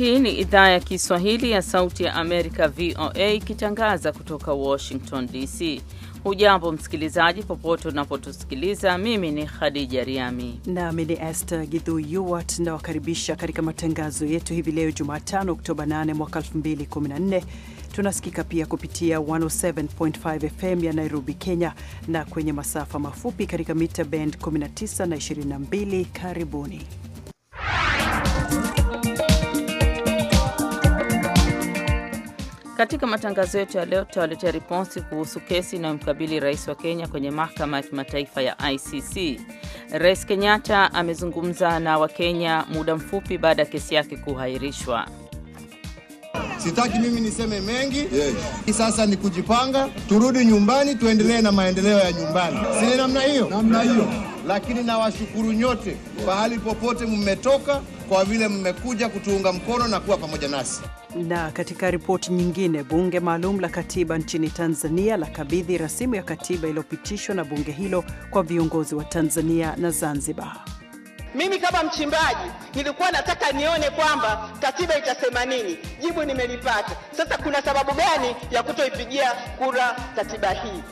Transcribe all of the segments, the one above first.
Hii ni idhaa ya Kiswahili ya Sauti ya Amerika, VOA, ikitangaza kutoka Washington DC. Hujambo msikilizaji, popote unapotusikiliza. Mimi ni Khadija Riami nami ni Esther Gidhu Yuwat, nawakaribisha katika matangazo yetu hivi leo Jumatano Oktoba 8 mwaka 2014. Tunasikika pia kupitia 107.5 FM ya Nairobi, Kenya, na kwenye masafa mafupi katika mita band 19 na 22. Karibuni Katika matangazo yetu ya leo tutawaletea ripoti kuhusu kesi inayomkabili rais wa Kenya kwenye mahakama ya kimataifa ya ICC. Rais Kenyatta amezungumza na Wakenya muda mfupi baada ya kesi yake kuhairishwa. Sitaki mimi niseme mengi yes. Sasa ni kujipanga, turudi nyumbani, tuendelee na maendeleo ya nyumbani, si namna hiyo? Namna hiyo. Lakini nawashukuru nyote, pahali popote mmetoka, kwa vile mmekuja kutuunga mkono na kuwa pamoja nasi. Na katika ripoti nyingine, bunge maalum la katiba nchini Tanzania la kabidhi rasimu ya katiba iliyopitishwa na bunge hilo kwa viongozi wa Tanzania na Zanzibar. Mimi kama mchimbaji nilikuwa nataka nione kwamba katiba itasema nini. Jibu nimelipata. Sasa kuna sababu gani ya kutoipigia kura katiba hii?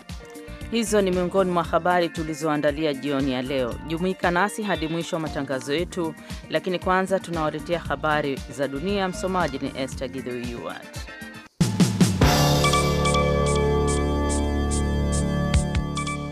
Hizo ni miongoni mwa habari tulizoandalia jioni ya leo. Jumuika nasi hadi mwisho wa matangazo yetu, lakini kwanza tunawaletea habari za dunia. Msomaji ni Esther Gidhuiwat.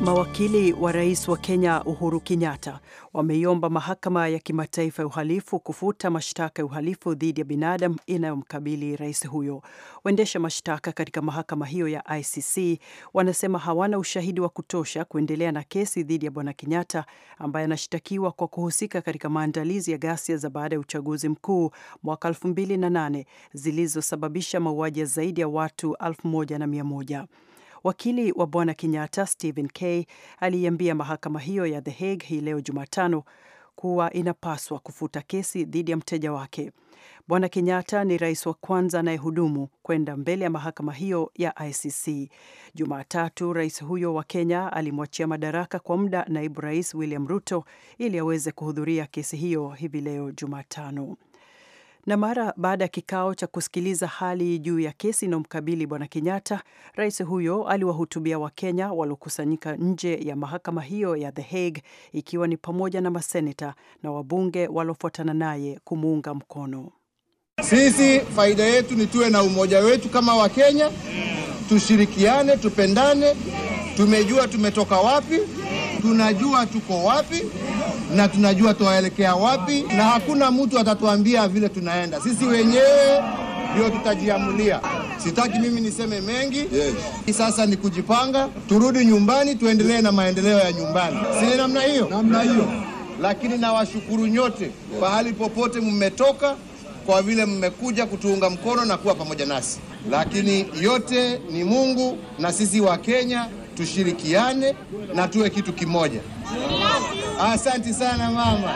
Mawakili wa rais wa Kenya Uhuru Kenyatta wameiomba mahakama ya kimataifa ya uhalifu kufuta mashtaka ya uhalifu dhidi ya binadamu inayomkabili rais huyo. Waendesha mashtaka katika mahakama hiyo ya ICC wanasema hawana ushahidi wa kutosha kuendelea na kesi dhidi ya bwana Kenyatta ambaye anashtakiwa kwa kuhusika katika maandalizi ya ghasia za baada ya uchaguzi mkuu mwaka 2008 zilizosababisha mauaji ya zaidi ya watu 1100. Wakili wa bwana Kenyatta, Stephen Kay, aliiambia mahakama hiyo ya The Hague hii leo Jumatano kuwa inapaswa kufuta kesi dhidi ya mteja wake. Bwana Kenyatta ni rais wa kwanza anayehudumu kwenda mbele ya mahakama hiyo ya ICC. Jumatatu, rais huyo wa Kenya alimwachia madaraka kwa muda naibu rais William Ruto ili aweze kuhudhuria kesi hiyo hivi leo Jumatano. Na mara baada ya kikao cha kusikiliza hali juu ya kesi inayomkabili bwana Kenyatta, rais huyo aliwahutubia Wakenya waliokusanyika nje ya mahakama hiyo ya The Hague, ikiwa ni pamoja na maseneta na wabunge waliofuatana naye kumuunga mkono. Sisi faida yetu ni tuwe na umoja wetu kama Wakenya, tushirikiane, tupendane. Tumejua tumetoka wapi, tunajua tuko wapi na tunajua tuwaelekea wapi, na hakuna mtu atatuambia vile tunaenda. Sisi wenyewe ndio tutajiamulia. Sitaki mimi niseme mengi yes. Sasa ni kujipanga, turudi nyumbani, tuendelee na maendeleo ya nyumbani, si namna hiyo? Namna hiyo. Lakini nawashukuru nyote pahali popote mmetoka, kwa vile mmekuja kutuunga mkono na kuwa pamoja nasi, lakini yote ni Mungu na sisi wa Kenya tushirikiane na tuwe kitu kimoja. Asante sana mama.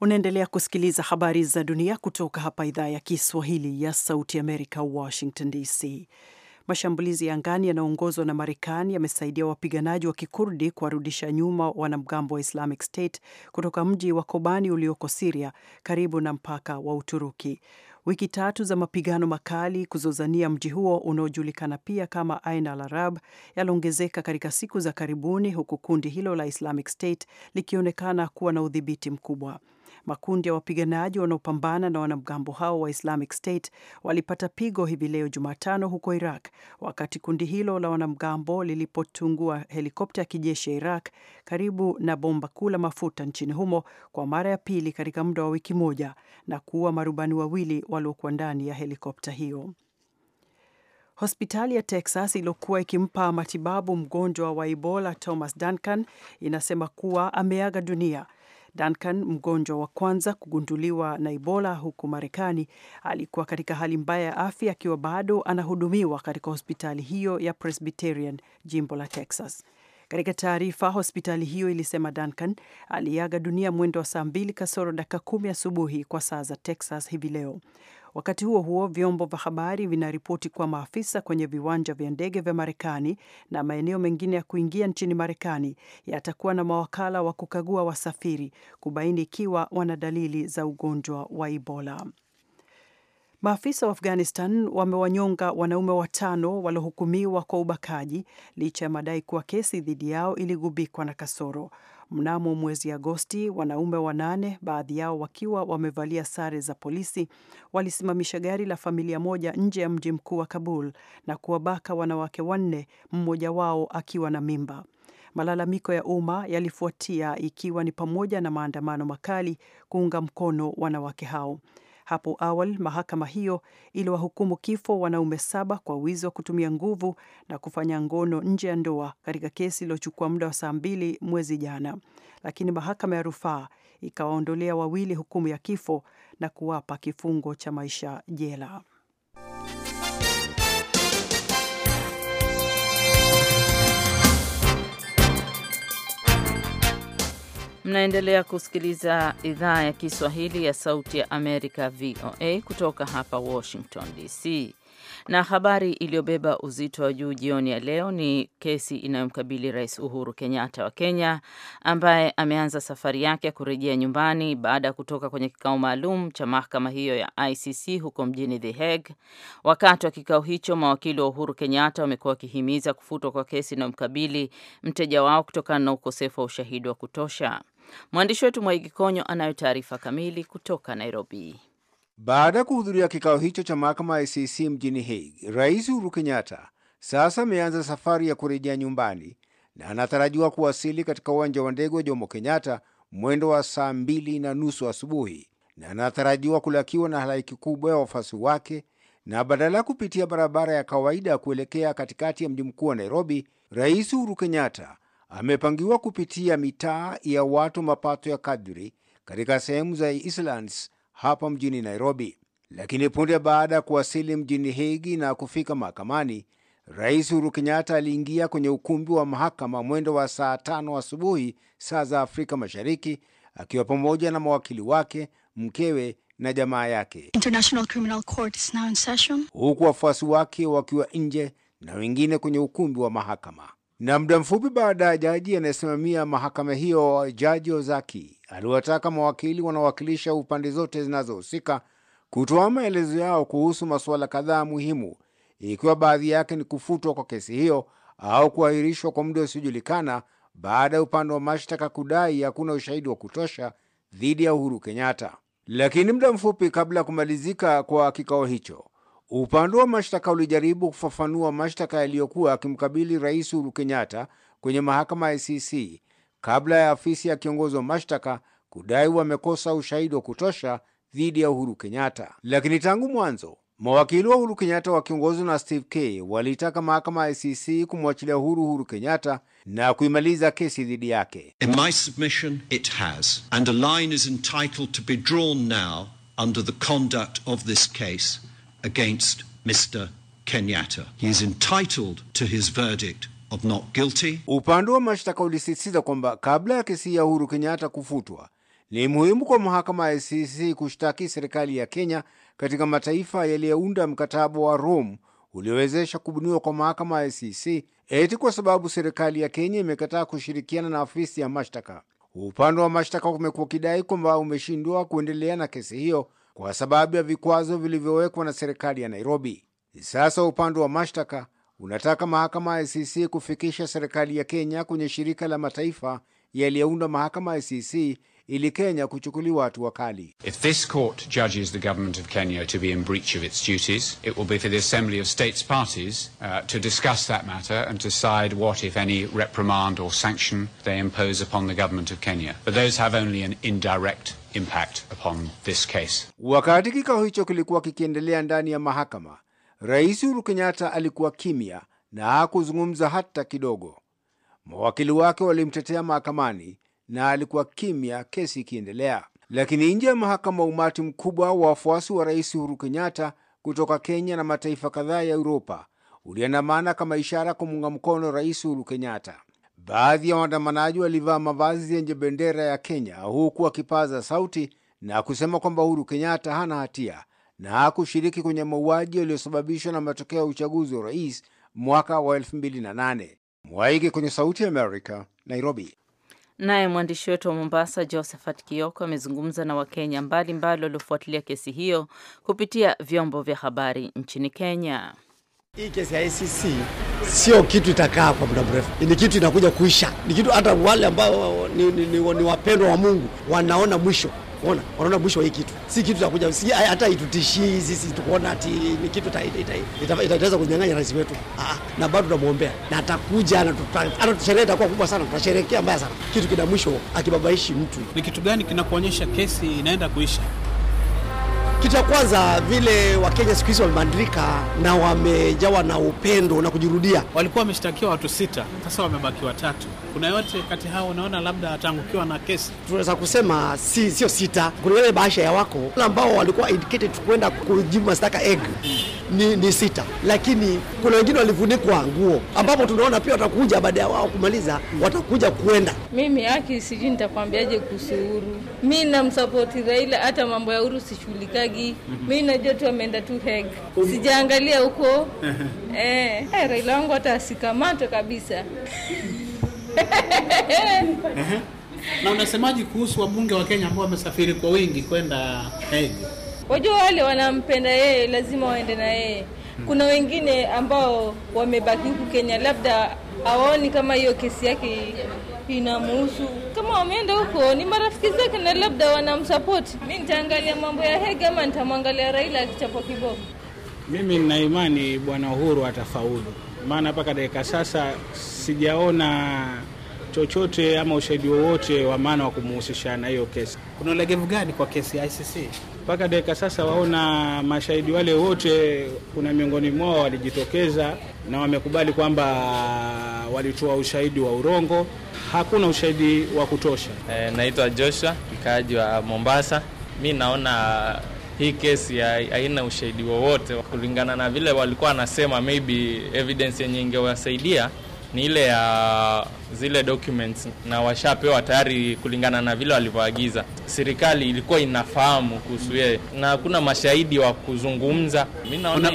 Unaendelea kusikiliza habari za dunia kutoka hapa idhaa ya Kiswahili ya Sauti Amerika, Washington DC. Mashambulizi ya angani yanayoongozwa na Marekani yamesaidia wapiganaji wa Kikurdi kuwarudisha nyuma wanamgambo wa Islamic State kutoka mji wa Kobani ulioko Siria, karibu na mpaka wa Uturuki wiki tatu za mapigano makali kuzozania mji huo unaojulikana pia kama Ain al Arab yaliongezeka katika siku za karibuni, huku kundi hilo la Islamic State likionekana kuwa na udhibiti mkubwa. Makundi ya wapiganaji wanaopambana na wanamgambo hao wa Islamic State walipata pigo hivi leo Jumatano huko Iraq, wakati kundi hilo la wanamgambo lilipotungua helikopta ya kijeshi ya Iraq karibu na bomba kuu la mafuta nchini humo kwa mara ya pili katika muda wa wiki moja na kuua marubani wawili waliokuwa ndani ya helikopta hiyo. Hospitali ya Texas iliyokuwa ikimpa matibabu mgonjwa wa Ebola Thomas Duncan inasema kuwa ameaga dunia Duncan, mgonjwa wa kwanza kugunduliwa na Ebola huku Marekani, alikuwa katika hali mbaya ya afya akiwa bado anahudumiwa katika hospitali hiyo ya Presbyterian, jimbo la Texas. Katika taarifa, hospitali hiyo ilisema Duncan aliaga dunia mwendo wa saa mbili kasoro dakika kumi asubuhi kwa saa za Texas hivi leo. Wakati huo huo, vyombo vya habari vinaripoti kwa maafisa kwenye viwanja vya ndege vya Marekani na maeneo mengine ya kuingia nchini Marekani yatakuwa na mawakala wa kukagua wasafiri kubaini ikiwa wana dalili za ugonjwa wa Ebola. Maafisa wa Afghanistan wamewanyonga wanaume watano waliohukumiwa kwa ubakaji licha ya madai kuwa kesi dhidi yao iligubikwa na kasoro. Mnamo mwezi Agosti, wanaume wanane, baadhi yao wakiwa wamevalia sare za polisi, walisimamisha gari la familia moja nje ya mji mkuu wa Kabul na kuwabaka wanawake wanne, mmoja wao akiwa na mimba. Malalamiko ya umma yalifuatia, ikiwa ni pamoja na maandamano makali kuunga mkono wanawake hao. Hapo awali mahakama hiyo iliwahukumu kifo wanaume saba kwa wizi wa kutumia nguvu na kufanya ngono nje ya ndoa katika kesi iliyochukua muda wa saa mbili mwezi jana, lakini mahakama ya rufaa ikawaondolea wawili hukumu ya kifo na kuwapa kifungo cha maisha jela. Mnaendelea kusikiliza idhaa ya Kiswahili ya Sauti ya Amerika, VOA, kutoka hapa Washington DC. Na habari iliyobeba uzito wa juu jioni ya leo ni kesi inayomkabili Rais Uhuru Kenyatta wa Kenya, ambaye ameanza safari yake ya kurejea nyumbani baada ya kutoka kwenye kikao maalum cha mahakama hiyo ya ICC huko mjini The Hague. Wakati wa kikao hicho, mawakili wa Uhuru Kenyatta wamekuwa wakihimiza kufutwa kwa kesi inayomkabili mteja wao kutokana na ukosefu wa ushahidi wa kutosha. Mwandishi wetu Mwaigi Konyo anayo taarifa kamili kutoka Nairobi. Baada ya kuhudhuria kikao hicho cha mahakama ya ICC mjini Hague, Rais Uhuru Kenyatta sasa ameanza safari ya kurejea nyumbani na anatarajiwa kuwasili katika uwanja wa ndege wa Jomo Kenyatta mwendo wa saa mbili na nusu asubuhi, na anatarajiwa kulakiwa na halaiki kubwa ya wafuasi wake. Na badala ya kupitia barabara ya kawaida kuelekea katikati ya mji mkuu wa Nairobi, Rais Uhuru Kenyatta amepangiwa kupitia mitaa ya watu mapato ya kadri katika sehemu za Islands hapa mjini Nairobi. Lakini punde baada ya kuwasili mjini Hegi na kufika mahakamani, Rais Uhuru Kenyatta aliingia kwenye ukumbi wa mahakama mwendo wa saa tano asubuhi saa za Afrika Mashariki, akiwa pamoja na mawakili wake, mkewe na jamaa yake, huku wafuasi wake wakiwa nje na wengine kwenye ukumbi wa mahakama. Na muda mfupi baada ya jaji anayesimamia mahakama hiyo, Jaji Ozaki, aliwataka mawakili wanaowakilisha upande zote zinazohusika kutoa maelezo yao kuhusu masuala kadhaa muhimu, ikiwa baadhi yake ni kufutwa kwa kesi hiyo au kuahirishwa kwa muda usiojulikana baada ya upande wa mashtaka kudai hakuna ushahidi wa kutosha dhidi ya Uhuru Kenyatta. Lakini muda mfupi kabla ya kumalizika kwa kikao hicho Upande wa mashtaka ulijaribu kufafanua mashtaka yaliyokuwa akimkabili Rais Uhuru Kenyatta kwenye mahakama ya ICC kabla ya afisi ya kiongozi wa mashtaka kudai wamekosa ushahidi wa kutosha dhidi ya Uhuru Kenyatta. Lakini tangu mwanzo mawakili wa Uhuru Kenyatta wakiongozwa na Steve K walitaka mahakama ya ICC kumwachilia huru Uhuru Kenyatta na kuimaliza kesi dhidi yake. In my submission it has and a line is entitled to be drawn now under the conduct of this case against Mr. Kenyatta. He is entitled to his verdict of not guilty. Upande wa mashtaka ulisisitiza kwamba kabla ya kesi ya Uhuru Kenyatta kufutwa ni muhimu kwa mahakama ya ICC kushtaki serikali ya Kenya katika mataifa yaliyounda mkataba wa Rome uliowezesha kubuniwa kwa mahakama ya ICC eti kwa sababu serikali ya Kenya imekataa kushirikiana na afisi ya mashtaka. Upande wa mashtaka umekuwa kidai kwamba umeshindwa kuendelea na kesi hiyo kwa sababu ya vikwazo vilivyowekwa na serikali ya Nairobi. Sasa upande wa mashtaka unataka mahakama ya ICC kufikisha serikali ya Kenya kwenye shirika la mataifa yaliyounda mahakama ya ICC ili Kenya kuchukuliwa hatua kali. If this court judges the government of Kenya to be in breach of its duties, it will be for the Assembly of States Parties uh, to discuss that matter and decide what, if any, reprimand or sanction they impose upon the government of Kenya. But those have only an indirect impact upon this case. Wakati kikao hicho kilikuwa kikiendelea ndani ya mahakama, Rais Uhuru Kenyatta alikuwa kimya na hakuzungumza hata kidogo. Mawakili wake walimtetea mahakamani na alikuwa kimya kesi ikiendelea. Lakini nje ya mahakama, umati mkubwa wa wafuasi wa Rais Uhuru Kenyatta kutoka Kenya na mataifa kadhaa ya Uropa uliandamana kama ishara kumuunga mkono Rais Uhuru Kenyatta. Baadhi ya waandamanaji walivaa mavazi yenye bendera ya Kenya huku wakipaza sauti na kusema kwamba Uhuru Kenyatta hana hatia na hakushiriki kwenye mauaji yaliyosababishwa na matokeo ya uchaguzi wa rais mwaka wa 2008. Mwaige kwenye Sauti ya Amerika, Nairobi. Naye mwandishi wetu wa Mombasa, Josephat Kioko, amezungumza na Wakenya mbalimbali waliofuatilia kesi hiyo kupitia vyombo vya habari nchini Kenya. Hii kesi ya ICC sio kitu itakaa kwa muda mrefu, ni kitu inakuja kuisha, ni kitu hata wale ambao ni, ni, ni, ni wapendwa wa Mungu wanaona mwisho Ona, wanaona mwisho wa hii kitu, si kitu takuja, si hata itutishii sisi tukuona ati ni kitu itaweza kunyang'anya rais wetu. Aa, ah, ah. na bado tunamwombea na atakuja, hata sherehe itakuwa kubwa sana, tutasherehekea mbaya sana. Kitu kina mwisho akibabaishi mtu. Ni kitu gani kinakuonyesha kesi inaenda kuisha? Kitu cha kwanza, vile Wakenya siku hizi wamebadilika na wamejawa na upendo na kujirudia. Walikuwa wameshtakiwa watu sita, sasa wamebaki watatu. Kuna yote kati hao unaona labda ataangukiwa na kesi? Tunaweza kusema si sio sita, kuna yale bahasha ya wako ambao walikuwa indicated kwenda kujibu mashtaka egg ni, ni sita, lakini kuna wengine walifunikwa nguo, ambapo tunaona pia watakuja baada ya wao kumaliza, watakuja kuenda. Mimi haki sijui nitakwambiaje kuhusu Uhuru. Mi namsapoti Raila, hata mambo ya Uhuru sishughulikagi. Mi najua tu ameenda tu heg, um- sijaangalia huko eh, eh, Raila wangu hata asikamatwe kabisa na unasemaji kuhusu wabunge wa Kenya ambao wamesafiri kwa wingi kwenda Hague? Wajua wale wanampenda yeye lazima waende na yeye. Hmm. Kuna wengine ambao wamebaki huku Kenya, labda hawaoni kama hiyo kesi yake inamuhusu. Kama wameenda huko ni marafiki zake na labda wanamsapoti. Mi nitaangalia mambo ya Hague ama nitamwangalia Raila akichapwa kiboko. Mimi nina imani bwana Uhuru atafaulu, maana mpaka dakika sasa sijaona chochote ama ushahidi wowote wa maana wa kumuhusisha na hiyo kesi. Kuna ulegevu gani kwa kesi ya ICC? Mpaka dakika sasa, waona mashahidi wale wote, kuna miongoni mwao walijitokeza na wamekubali kwamba walitoa ushahidi wa urongo, hakuna ushahidi wa kutosha. E, naitwa Joshua, mkaaji wa Mombasa. Mi naona hii kesi haina ushahidi wowote kulingana na vile walikuwa wanasema, maybe evidence yenye ingewasaidia ni ile ya zile documents na washapewa tayari kulingana na vile walivyoagiza. Serikali ilikuwa inafahamu kuhusu yeye na hakuna mashahidi wa kuzungumza. Una,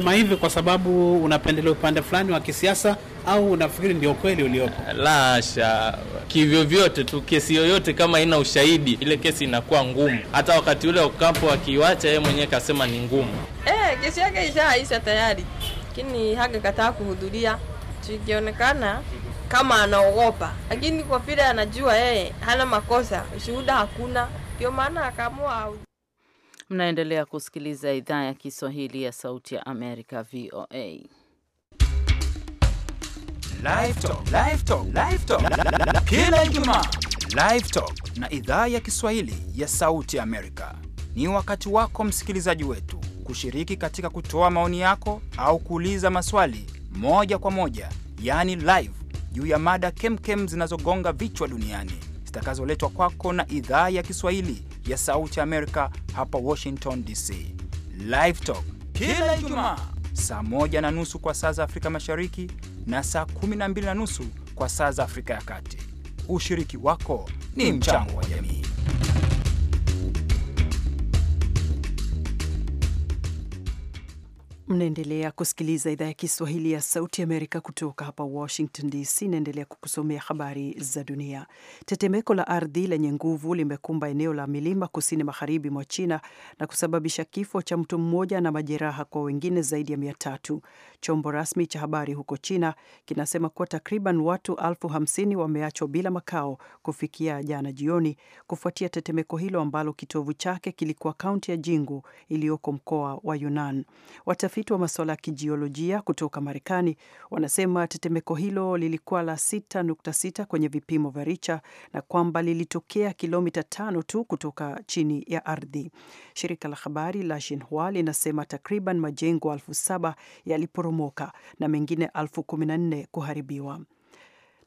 una, hivi kwa sababu unapendelea upande fulani wa kisiasa au unafikiri ndio kweli uliopo? Lasha, kivyo vyote tu, kesi yoyote kama ina ushahidi, ile kesi inakuwa ngumu. Hata wakati ule ukapo akiiwacha yeye mwenyewe kasema ni ngumu. Eh, kesi yake ishaisha tayari, lakini kataa kuhudhuria kitu ikionekana kama anaogopa, lakini kwa vile anajua yeye hana makosa, ushuhuda hakuna, ndio maana akaamua. Mnaendelea kusikiliza idhaa ya Kiswahili ya Sauti ya Amerika, VOA. Kila Ijumaa Live Talk na idhaa ya Kiswahili ya Sauti Amerika ni wakati wako msikilizaji wetu kushiriki katika kutoa maoni yako au kuuliza maswali moja kwa moja, yaani live, juu ya mada kemkem zinazogonga vichwa duniani zitakazoletwa kwako na idhaa ya Kiswahili ya Sauti Amerika hapa Washington DC. Live Talk kila Ijumaa saa moja na nusu kwa saa za Afrika Mashariki na saa 12 na nusu kwa saa za Afrika ya Kati. Ushiriki wako ni mchango wa jamii. Mnaendelea kusikiliza idhaa ya Kiswahili ya Sauti Amerika kutoka hapa Washington DC. Inaendelea kukusomea habari za dunia. Tetemeko la ardhi lenye nguvu limekumba eneo la milima kusini magharibi mwa China na kusababisha kifo cha mtu mmoja na majeraha kwa wengine zaidi ya mia tatu. Chombo rasmi cha habari huko China kinasema kuwa takriban watu elfu hamsini wameachwa bila makao kufikia jana jioni kufuatia tetemeko hilo ambalo kitovu chake kilikuwa kaunti ya Jingu iliyoko mkoa wa Yunan. Watafiti wa masuala ya kijiolojia kutoka Marekani wanasema tetemeko hilo lilikuwa la 6.6 kwenye vipimo vya Richa na kwamba lilitokea kilomita tano tu kutoka chini ya ardhi. Shirika la habari la Xinhua linasema takriban majengo elfu saba kubomoka na mengine elfu kumi na nne kuharibiwa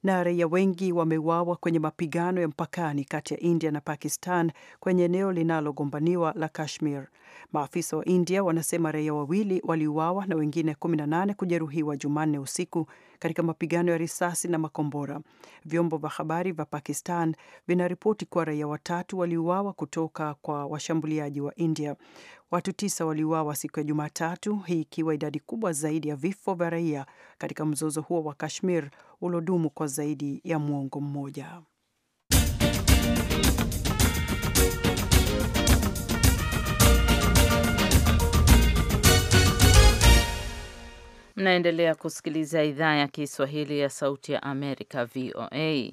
na raia wengi wameuawa kwenye mapigano ya mpakani kati ya India na Pakistan kwenye eneo linalogombaniwa la Kashmir. Maafisa wa India wanasema raia wawili waliuawa na wengine 18 kujeruhiwa Jumanne usiku katika mapigano ya risasi na makombora. Vyombo vya habari vya Pakistan vinaripoti kuwa raia watatu waliuawa kutoka kwa washambuliaji wa India. Watu tisa waliuawa siku ya Jumatatu, hii ikiwa idadi kubwa zaidi ya vifo vya raia katika mzozo huo wa Kashmir uliodumu kwa zaidi ya mwongo mmoja. Mnaendelea kusikiliza idhaa ya Kiswahili ya Sauti ya Amerika, VOA.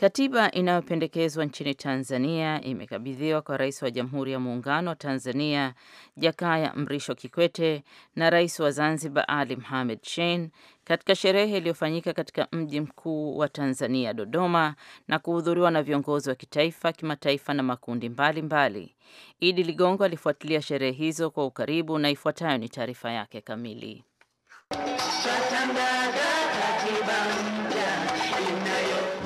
Katiba inayopendekezwa nchini Tanzania imekabidhiwa kwa Rais wa Jamhuri ya Muungano wa Tanzania Jakaya Mrisho Kikwete na Rais wa Zanzibar Ali Mohamed Shein katika sherehe iliyofanyika katika mji mkuu wa Tanzania Dodoma na kuhudhuriwa na viongozi wa kitaifa, kimataifa na makundi mbalimbali mbali. Idi Ligongo alifuatilia sherehe hizo kwa ukaribu na ifuatayo ni taarifa yake kamili.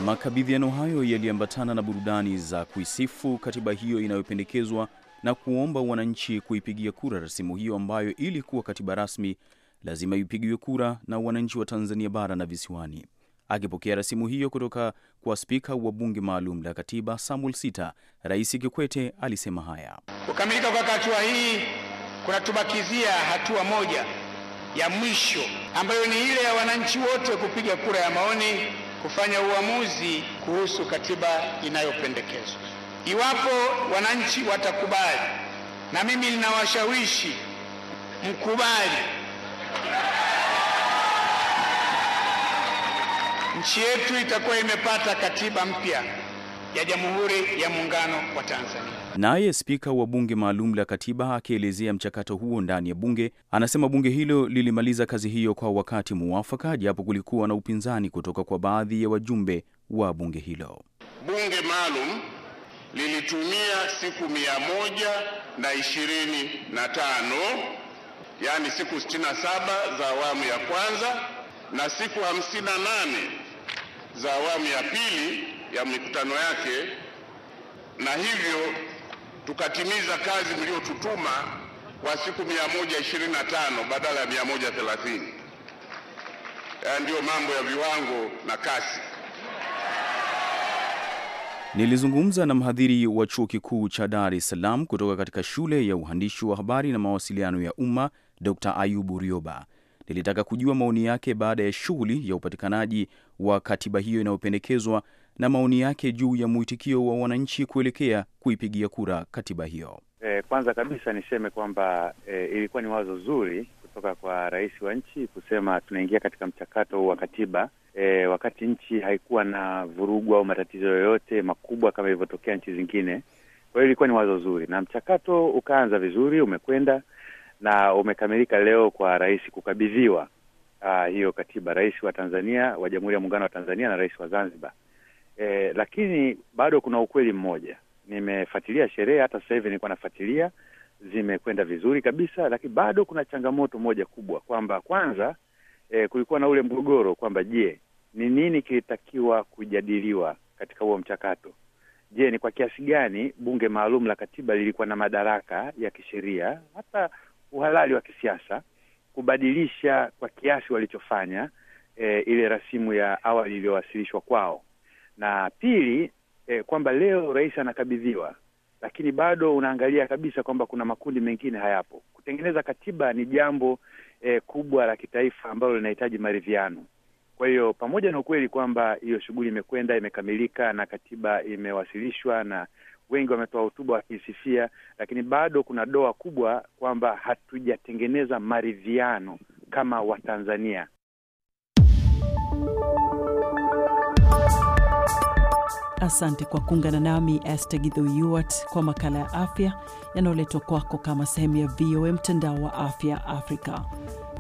Makabidhiano hayo yaliambatana na burudani za kuisifu katiba hiyo inayopendekezwa na kuomba wananchi kuipigia kura rasimu hiyo ambayo ili kuwa katiba rasmi lazima ipigiwe kura na wananchi wa Tanzania bara na visiwani. Akipokea rasimu hiyo kutoka kwa spika wa bunge maalum la katiba Samuel Sita, Rais Kikwete alisema haya: kukamilika kwa hatua hii kunatubakizia hatua moja ya mwisho ambayo ni ile ya wananchi wote kupiga kura ya maoni kufanya uamuzi kuhusu katiba inayopendekezwa. Iwapo wananchi watakubali, na mimi ninawashawishi mkubali, nchi yetu itakuwa imepata katiba mpya ya Jamhuri ya Muungano wa Tanzania. Naye spika wa bunge maalum la katiba akielezea mchakato huo ndani ya bunge, anasema bunge hilo lilimaliza kazi hiyo kwa wakati muwafaka japo kulikuwa na upinzani kutoka kwa baadhi ya wajumbe wa bunge hilo. Bunge maalum lilitumia siku mia moja na ishirini na tano yaani siku 67 za awamu ya kwanza na siku 58 za awamu ya pili ya mikutano yake na hivyo tukatimiza kazi mliotutuma kwa siku 125 badala ya 130. Haya ndiyo mambo ya viwango na kasi. Nilizungumza na mhadhiri wa chuo kikuu cha Dar es Salaam kutoka katika shule ya uhandishi wa habari na mawasiliano ya umma Dr. Ayubu Rioba. Nilitaka kujua maoni yake baada ya shughuli ya upatikanaji wa katiba hiyo inayopendekezwa na maoni yake juu ya mwitikio wa wananchi kuelekea kuipigia kura katiba hiyo. E, kwanza kabisa niseme kwamba e, ilikuwa ni wazo zuri kutoka kwa rais wa nchi kusema tunaingia katika mchakato wa katiba e, wakati nchi haikuwa na vurugu au matatizo yoyote makubwa kama ilivyotokea nchi zingine. Kwa hiyo ilikuwa ni wazo zuri na mchakato ukaanza vizuri, umekwenda na umekamilika leo kwa rais kukabidhiwa ah, hiyo katiba, rais wa Tanzania wa Jamhuri ya Muungano wa Tanzania na rais wa Zanzibar eh, lakini bado kuna ukweli mmoja. Nimefuatilia sherehe, hata sasa hivi nilikuwa nafuatilia, zimekwenda vizuri kabisa, lakini bado kuna changamoto moja kubwa kwamba kwanza, eh, kulikuwa na ule mgogoro kwamba je, ni nini kilitakiwa kujadiliwa katika huo mchakato? Je, ni kwa kiasi gani bunge maalum la katiba lilikuwa na madaraka ya kisheria, hata uhalali wa kisiasa kubadilisha kwa kiasi walichofanya, eh, ile rasimu ya awali iliyowasilishwa kwao na pili eh, kwamba leo rais anakabidhiwa, lakini bado unaangalia kabisa kwamba kuna makundi mengine hayapo. Kutengeneza katiba ni jambo eh, kubwa la kitaifa ambalo linahitaji maridhiano. Kwa hiyo pamoja na ukweli kwamba hiyo shughuli imekwenda imekamilika na katiba imewasilishwa na wengi wametoa hotuba wakiisifia, lakini bado kuna doa kubwa kwamba hatujatengeneza maridhiano kama Watanzania. Asante kwa kuungana nami Esther kwa makala ya afya yanayoletwa kwako kama sehemu ya VOA mtandao wa afya Afrika.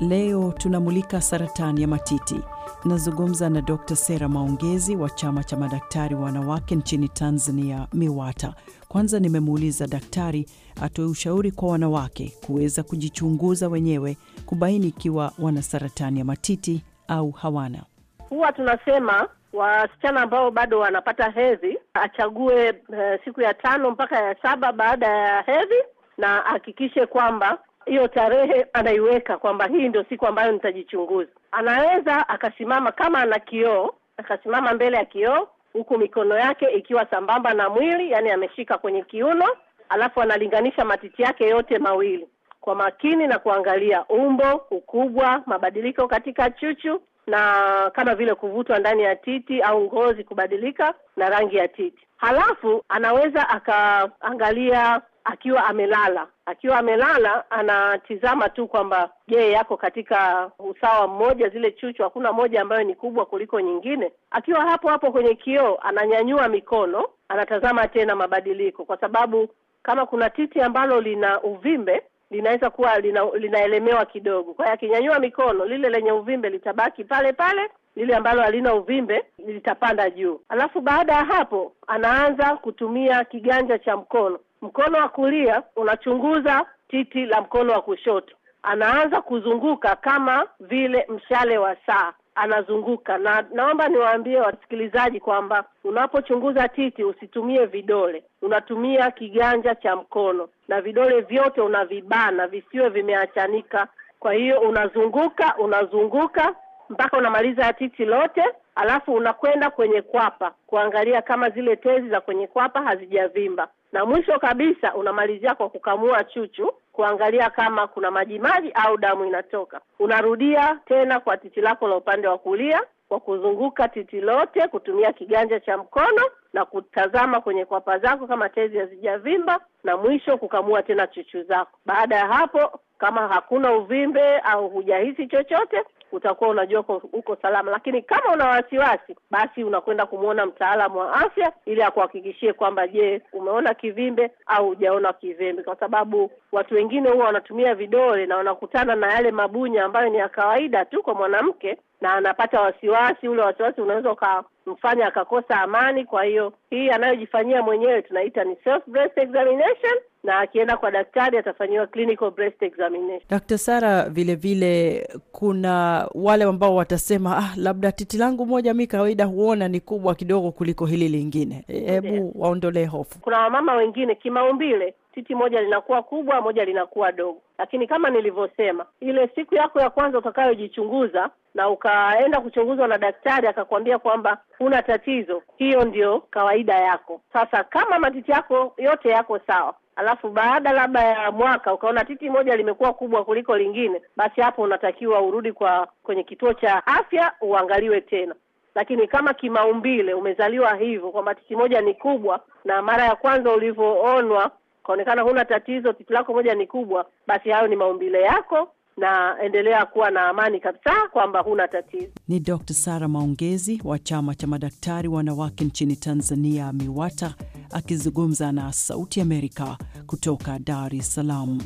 Leo tunamulika saratani ya matiti. Nazungumza na Dr. Sera Maongezi wa chama cha madaktari wanawake nchini Tanzania, MIWATA. Kwanza nimemuuliza daktari atoe ushauri kwa wanawake kuweza kujichunguza wenyewe kubaini ikiwa wana saratani ya matiti au hawana. Huwa tunasema wasichana ambao bado wanapata hedhi achague uh, siku ya tano mpaka ya saba baada ya hedhi, na ahakikishe kwamba hiyo tarehe anaiweka kwamba hii ndio siku ambayo nitajichunguza. Anaweza akasimama kama ana kioo, akasimama mbele ya kioo huku mikono yake ikiwa sambamba na mwili, yani ameshika kwenye kiuno, alafu analinganisha matiti yake yote mawili kwa makini na kuangalia umbo, ukubwa, mabadiliko katika chuchu na kama vile kuvutwa ndani ya titi au ngozi kubadilika na rangi ya titi. Halafu anaweza akaangalia akiwa amelala, akiwa amelala anatizama tu kwamba je, yako katika usawa mmoja, zile chuchu hakuna moja ambayo ni kubwa kuliko nyingine. Akiwa hapo hapo kwenye kioo, ananyanyua mikono, anatazama tena mabadiliko, kwa sababu kama kuna titi ambalo lina uvimbe linaweza kuwa lina, linaelemewa kidogo. Kwa hiyo akinyanyua mikono, lile lenye uvimbe litabaki pale pale, lile ambalo halina uvimbe litapanda juu. Alafu baada ya hapo anaanza kutumia kiganja cha mkono. Mkono wa kulia unachunguza titi la mkono wa kushoto, anaanza kuzunguka kama vile mshale wa saa anazunguka. Na naomba niwaambie wasikilizaji kwamba unapochunguza titi usitumie vidole, unatumia kiganja cha mkono, na vidole vyote unavibana visiwe vimeachanika. Kwa hiyo unazunguka unazunguka mpaka unamaliza ya titi lote, alafu unakwenda kwenye kwapa kuangalia kama zile tezi za kwenye kwapa hazijavimba, na mwisho kabisa unamalizia kwa kukamua chuchu kuangalia kama kuna majimaji au damu inatoka. Unarudia tena kwa titi lako la upande wa kulia kwa kuzunguka titi lote kutumia kiganja cha mkono na kutazama kwenye kwapa zako kama tezi hazijavimba, na mwisho kukamua tena chuchu zako. Baada ya hapo, kama hakuna uvimbe au hujahisi chochote, utakuwa unajua uko salama, lakini kama una wasiwasi, basi unakwenda kumwona mtaalamu wa afya ili akuhakikishie kwamba, je, umeona kivimbe au hujaona kivimbe, kwa sababu watu wengine huwa wanatumia vidole na wanakutana na yale mabunya ambayo ni ya kawaida tu kwa mwanamke na anapata wasiwasi. Ule wasiwasi unaweza ukamfanya akakosa amani. Kwa hiyo hii anayojifanyia mwenyewe tunaita ni self breast examination, na akienda kwa daktari atafanyiwa clinical breast examination. Dr. Sara, vilevile kuna wale ambao watasema ah, labda titi langu moja mi kawaida huona ni kubwa kidogo kuliko hili lingine. E, hebu waondolee hofu. Kuna wamama wengine kimaumbile titi moja linakuwa kubwa, moja linakuwa dogo. Lakini kama nilivyosema, ile siku yako ya kwanza utakayojichunguza na ukaenda kuchunguzwa na daktari akakwambia kwamba huna tatizo, hiyo ndio kawaida yako. Sasa kama matiti yako yote yako sawa alafu baada labda ya mwaka ukaona titi moja limekuwa kubwa kuliko lingine, basi hapo unatakiwa urudi kwa kwenye kituo cha afya uangaliwe tena. Lakini kama kimaumbile umezaliwa hivyo kwamba titi moja ni kubwa, na mara ya kwanza ulivyoonwa ukaonekana huna tatizo, titi lako moja ni kubwa, basi hayo ni maumbile yako na endelea kuwa na amani kabisa kwamba huna tatizo. Ni Dr. Sara Maongezi wa chama cha madaktari wanawake nchini Tanzania, MIWATA, akizungumza na Sauti Amerika kutoka Dar es Salaam.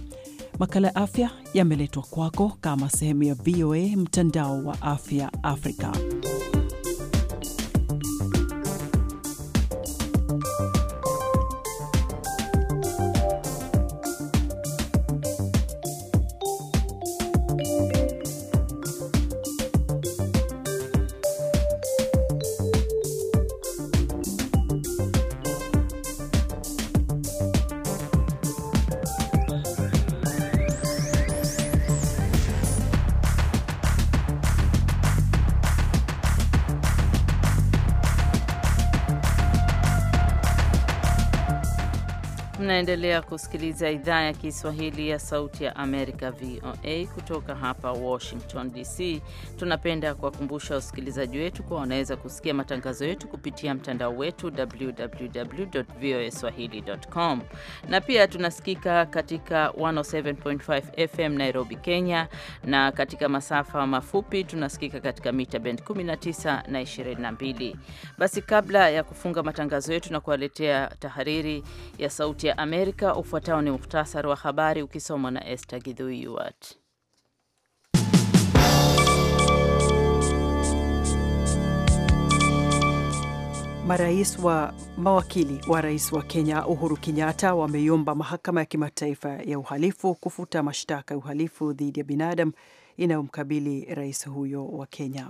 Makala ya afya yameletwa kwako kama sehemu ya VOA mtandao wa afya Afrika. Mnaendelea kusikiliza idhaa ya Kiswahili ya Sauti ya Amerika, VOA, kutoka hapa Washington DC. Tunapenda kuwakumbusha wasikilizaji wetu kuwa wanaweza kusikia matangazo yetu kupitia mtandao wetu www voa swahili.com, na pia tunasikika katika 107.5 FM Nairobi, Kenya, na katika masafa mafupi tunasikika katika mita bend 19 na 22. Basi kabla ya kufunga matangazo yetu na kuwaletea tahariri ya Sauti ya Amerika. Ufuatao ni muhtasari wa habari ukisomwa na Esther Gidhui Marais wa mawakili wa rais wa Kenya Uhuru Kenyatta wameiomba mahakama ya kimataifa ya uhalifu kufuta mashtaka ya uhalifu dhidi ya binadamu inayomkabili rais huyo wa Kenya.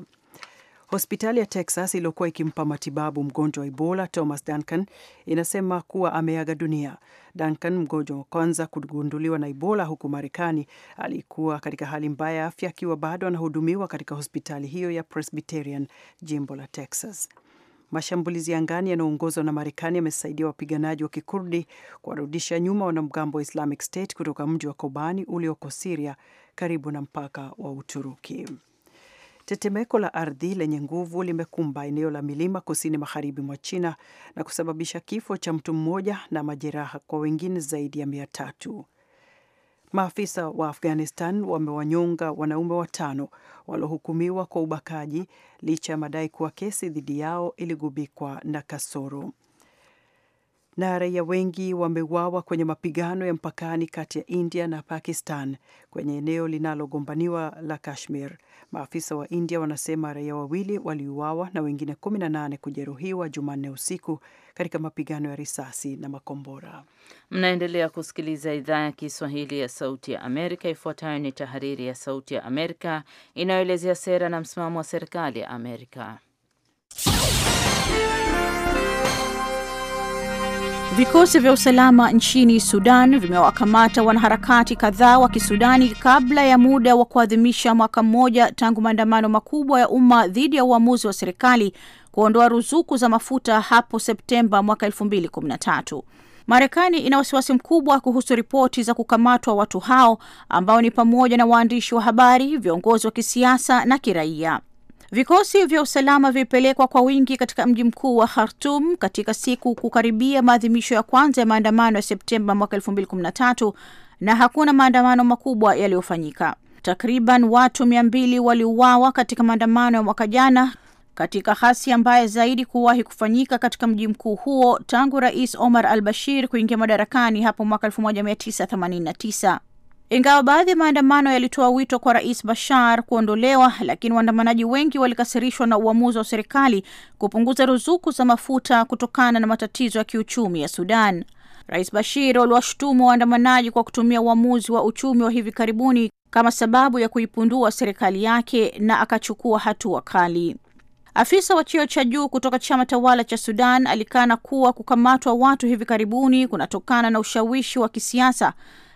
Hospitali ya Texas iliyokuwa ikimpa matibabu mgonjwa wa Ebola Thomas Duncan inasema kuwa ameaga dunia. Duncan, mgonjwa wa kwanza kugunduliwa na Ebola huku Marekani, alikuwa katika hali mbaya ya afya akiwa bado anahudumiwa katika hospitali hiyo ya Presbyterian, jimbo la Texas. Mashambulizi angani yanayoongozwa na Marekani yamesaidia wapiganaji wa Kikurdi kuwarudisha nyuma wanamgambo wa Islamic State kutoka mji wa Kobani ulioko Siria karibu na mpaka wa Uturuki. Tetemeko la ardhi lenye nguvu limekumba eneo la milima kusini magharibi mwa China na kusababisha kifo cha mtu mmoja na majeraha kwa wengine zaidi ya mia tatu. Maafisa wa Afghanistan wamewanyonga wanaume watano waliohukumiwa kwa ubakaji licha ya madai kuwa kesi dhidi yao iligubikwa na kasoro na raia wengi wameuawa kwenye mapigano ya mpakani kati ya India na Pakistan kwenye eneo linalogombaniwa la Kashmir. Maafisa wa India wanasema raia wawili waliuawa na wengine 18 kujeruhiwa Jumanne usiku katika mapigano ya risasi na makombora. Mnaendelea kusikiliza idhaa ya Kiswahili ya Sauti ya Amerika. Ifuatayo ni tahariri ya Sauti ya Amerika inayoelezea sera na msimamo wa serikali ya Amerika. Vikosi vya usalama nchini Sudan vimewakamata wanaharakati kadhaa wa Kisudani kabla ya muda wa kuadhimisha mwaka mmoja tangu maandamano makubwa ya umma dhidi ya uamuzi wa serikali kuondoa ruzuku za mafuta hapo Septemba mwaka tatu Marekani ina wasiwasi mkubwa kuhusu ripoti za kukamatwa watu hao ambao ni pamoja na waandishi wa habari, viongozi wa kisiasa na kiraia. Vikosi vya usalama vimepelekwa kwa wingi katika mji mkuu wa Khartum katika siku kukaribia maadhimisho ya kwanza ya maandamano ya Septemba mwaka 2013 na hakuna maandamano makubwa yaliyofanyika. Takriban watu mia mbili waliuawa katika maandamano ya mwaka jana katika hasi ambaye zaidi kuwahi kufanyika katika mji mkuu huo tangu Rais Omar al Bashir kuingia madarakani hapo mwaka 1989. Ingawa baadhi ya maandamano yalitoa wito kwa Rais Bashar kuondolewa, lakini waandamanaji wengi walikasirishwa na uamuzi wa serikali kupunguza ruzuku za mafuta kutokana na matatizo ya kiuchumi ya Sudan. Rais Bashir waliwashutumu waandamanaji kwa kutumia uamuzi wa uchumi wa hivi karibuni kama sababu ya kuipundua serikali yake na akachukua hatua kali. Afisa wa cheo cha juu kutoka chama tawala cha Sudan alikana kuwa kukamatwa watu hivi karibuni kunatokana na ushawishi wa kisiasa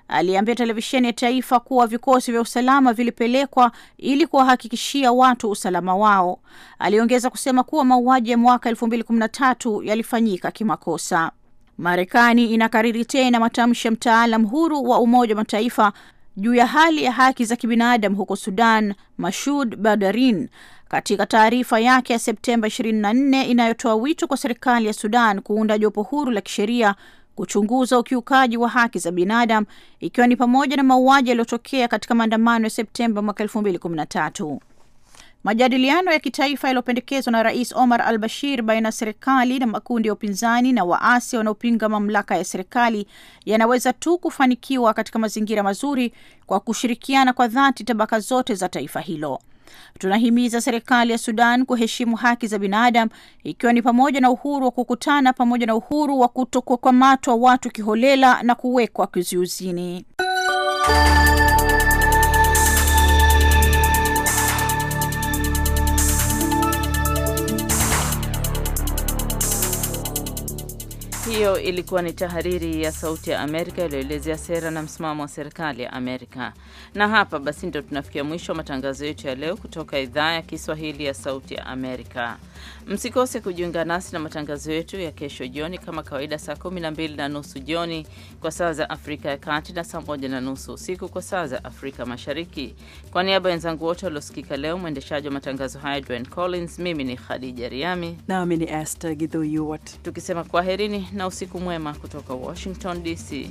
aliambia televisheni ya taifa kuwa vikosi vya usalama vilipelekwa ili kuwahakikishia watu usalama wao. Aliongeza kusema kuwa mauaji ya mwaka 2013 yalifanyika kimakosa. Marekani inakariri tena matamshi ya mtaalam huru wa Umoja wa Mataifa juu ya hali ya haki za kibinadamu huko Sudan, Mashud Badarin, katika taarifa yake ya Septemba 24 inayotoa wito kwa serikali ya Sudan kuunda jopo huru la kisheria kuchunguza ukiukaji wa haki za binadamu ikiwa ni pamoja na mauaji yaliyotokea katika maandamano ya Septemba mwaka 2013. Majadiliano ya kitaifa yaliyopendekezwa na Rais Omar Al Bashir baina ya serikali na makundi ya upinzani na waasi wanaopinga mamlaka ya serikali yanaweza tu kufanikiwa katika mazingira mazuri kwa kushirikiana kwa dhati tabaka zote za taifa hilo. Tunahimiza serikali ya Sudan kuheshimu haki za binadamu, ikiwa ni pamoja na uhuru wa kukutana pamoja na uhuru wa kutokukamatwa watu kiholela na kuwekwa kizuizini. Hiyo ilikuwa ni tahariri ya Sauti ya Amerika iliyoelezea sera na msimamo wa serikali ya Amerika. Na hapa basi ndo tunafikia mwisho wa matangazo yetu ya leo kutoka idhaa ya Kiswahili ya Sauti ya Amerika. Msikose kujiunga nasi na matangazo yetu ya kesho jioni kama kawaida, saa 12 na nusu jioni kwa saa za Afrika ya Kati na saa 1 na nusu usiku kwa saa za Afrika Mashariki. Kwa niaba ya wenzangu wote waliosikika leo, mwendeshaji wa matangazo haya Dwayne Collins, mimi ni Khadija Riami nami ni Esther tukisema kwaherini na na usiku mwema kutoka Washington DC.